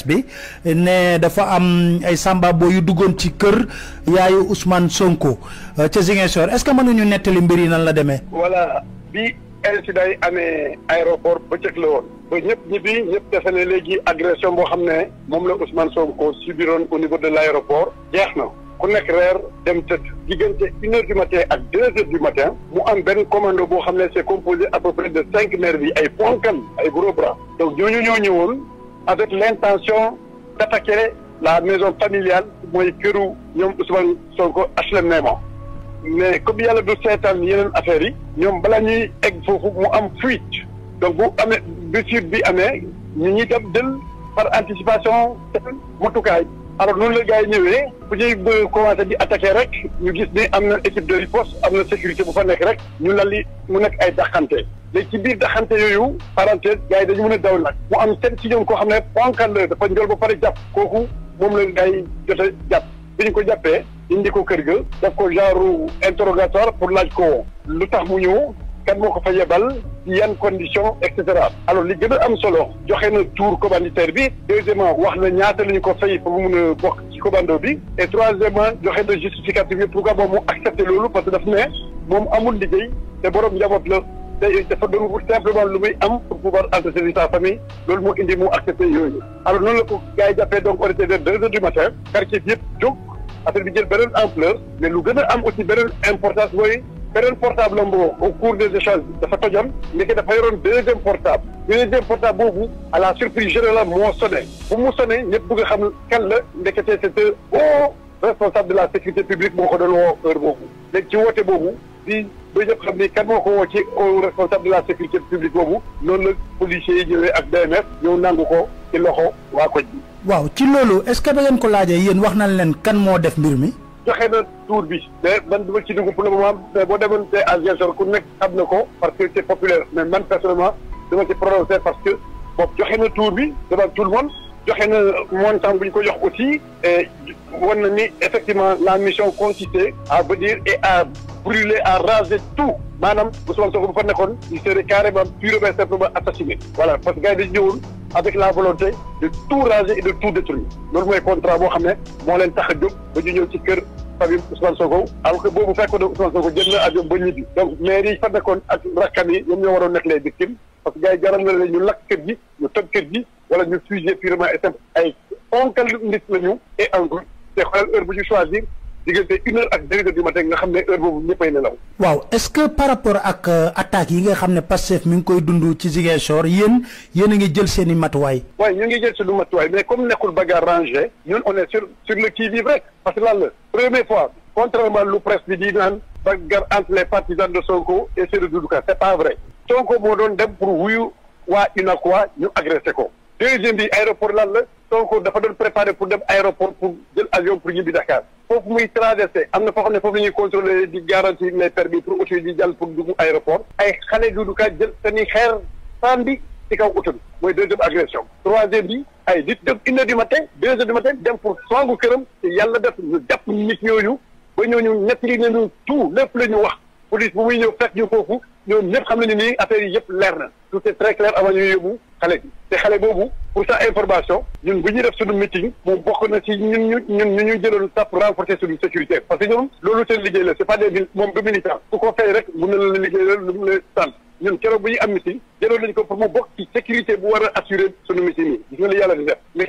annexe bi ne dafa am ay samba boo yu duggoon ci kër yaayu Ousmane Sonko euh, ca Ziguinchor est-ce que mënuñu nettali mbir yi nañ la demee. wala bi incident yi amee aéroport bëccëg la woon. ba ñëpp ñibbi ñëpp defe ne léegi agression boo xam ne moom la Ousmane Sonko subiroon au niveau de l' aéroport jeex na. ku nekk reer dem tëdd diggante une heure du matin ak deux heures du matin mu am benn commando boo xam ne se composé à peu de cinq maires bi ay ponkal ay gros bras donc ñooñu ñoo avec l'intention d'attaquer la maison familiale mooy këru ñoom Ousmane Sonko HLM Néma mais comme yàlla du seetaan yeneen affaires yi ñoom bala ñuy egg foofu mu am fuite donc bu amee bésir bi amee ñu ñuy dem jël par anticipation seen matukaay alors noonu la yi ñëwee bu ñuy bëgg commencé di attaqué rek ñu gis ni am na équipe de riposte am na sécurité bu fa nekk rek ñu lal li mu nekk ay daqante léegi ci biir daxante yooyu parenthèse gars yi dañu mën a daw nag mu am kenn si ñoom ko xam ne ponkal la dafa njool ba pare jàpp kooku moom la gars yi jàpp bi ñu ko jàppee indi ko kër gi daf ko genre interrogatoire pour laaj ko lu tax mu ñëw kan moo ko fa yebal ci yan condition et alo alors li gën am solo joxe na tour commanditaire bi deuxièmement wax na ñaata la ñu ko fay pour mun a bokk ko commando bi et troisièmement joxe na justificatif bi pourquoi moom mu accepté loolu parce que daf ne moom amul liggéey te borom njaboot la dafa doon wut simplement lu muy am pour pouvoir entretenir sa famille loolu moo indi mu accepté yooyu alors noonu la ko gars jàppee donc on était vers deux heures du matin quartier bi yëpp jóg affaire bi jël beneen ampleur mais lu gën a am aussi beneen importance mooy beneen portable am boobu au cours des échanges dafa tojam ndeke dafa yoroon deuxième portable deuxième portable boobu à la surprise générale moo sonné bu mu sonné ñëpp bëgg xam kan la ndeketee la sécurité publique moo boobu bi ba ñëpp xam ni kan moo ko woo ci au responsable de la sécurité publique boobu noonu la policiers yi ñëwee ak DMS ñëw nangu ko ci loxo waa ko ji. waaw ci loolu est-ce que da ngeen ko laajee yéen wax nañ leen kan moo def mbir mi. joxe na tour bi mais man duma ci dugg pour le moment mais boo demoon te Ziguinchor ku nekk xam na ko parce que c'est populaire mais man personnellement dama ci prononcé parce que boobu joxe na tour bi devant tout le monde. joxe na montant bu ñu ko jox aussi wan na ni effectivement la mission consistait à venir et à brûler a raser tout maanaam Ousmane Sonko bu fa nekkoon il serait carrément purement et simplement assassiné voilà parce que gars yi dañu ñëwoon avec la volonté de tout raser et de tout détruire loolu mooy contrat boo xam ne moo leen tax a ba ñu ñëw ci kër famille Ousmane Sonko alors que boobu fekkoon na Ousmane Sonko jël na avion ba ñibbi donc maire yi fa nekkoon ak ñoom ñoo waroon nekk les na ñu lakk kër gi wala ñu sujet purement et simple ay onkal nit la ñu et en groupe te xoolal heure bu ñu choisir diggante une ak deux du matin nga xam ne heure boobu ñëppay nelaw. waaw est-ce que par rapport ak euh, attaques yi nga xam ne Pastef mi ngi koy dund ci Ziguinchor yéen yéen a ngi jël seen i matuwaay. waaye ñu ngi jël seen i matuwaay mais comme nekkul bagarre rangée ñun on sur sur le qui-vive rek parce que lan la première fois contrairement lu presse bi di naan bagarre entre les partisans de Sonko et ceux de Doudou Ka c'est doon dem pour wuyu waa UNACOIS ñu agressé ko. deuxième bi aéroport lan la Sonko dafa doon préparé pour dem aéroport pour jël avion pour ñibbi Dakar foofu muy traversé am na foo xam ne foofu la ñuy contrôlé di garantir les permis pour auto yi di jàll pour dugg aéroport ay xale du ka jël seeni xeer sànni ci kaw auto mooy deuxième agression troisième bi ay nit def une heure du matin deux du matin dem pour songu këram te yàlla def ñu jàpp nit ñooñu ba ñooñu nettali nañu tout lépp la ñu wax police bu muy ñëw fekk ñu foofu ñoom ñëpp xam nañu ni affaire yi yëpp leer na tout est très clair avant ñuy yóbbu xale bi te xale boobu pour sa information ñun bu ñuy def suñu meeting moom bokk na ci ñun ñu ñun ñu ñu jëloon sax pour renforcer suñu sécurité parce que ñoom loolu seen liggéey la c'est pas des moom du militant ku ko fay rek mun na la liggéey la lu mu la sant ñun keroog bu ñuy am meeting jëloon nañu ko pour mu bokk ci sécurité bu war a assurer suñu meeting yi di def mais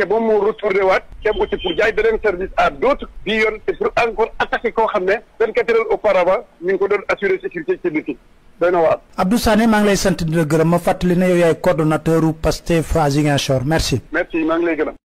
koo xam ne vingt-quatre heures auparavant ñu ngi ko doon assurer sécurité doy na waar. Abdou Sané ngi lay sant di la gërëm ma fàttali ne yow yaay coordonnateur u Pastef Ziguinchor merci. merci maa ngi lay gërëm.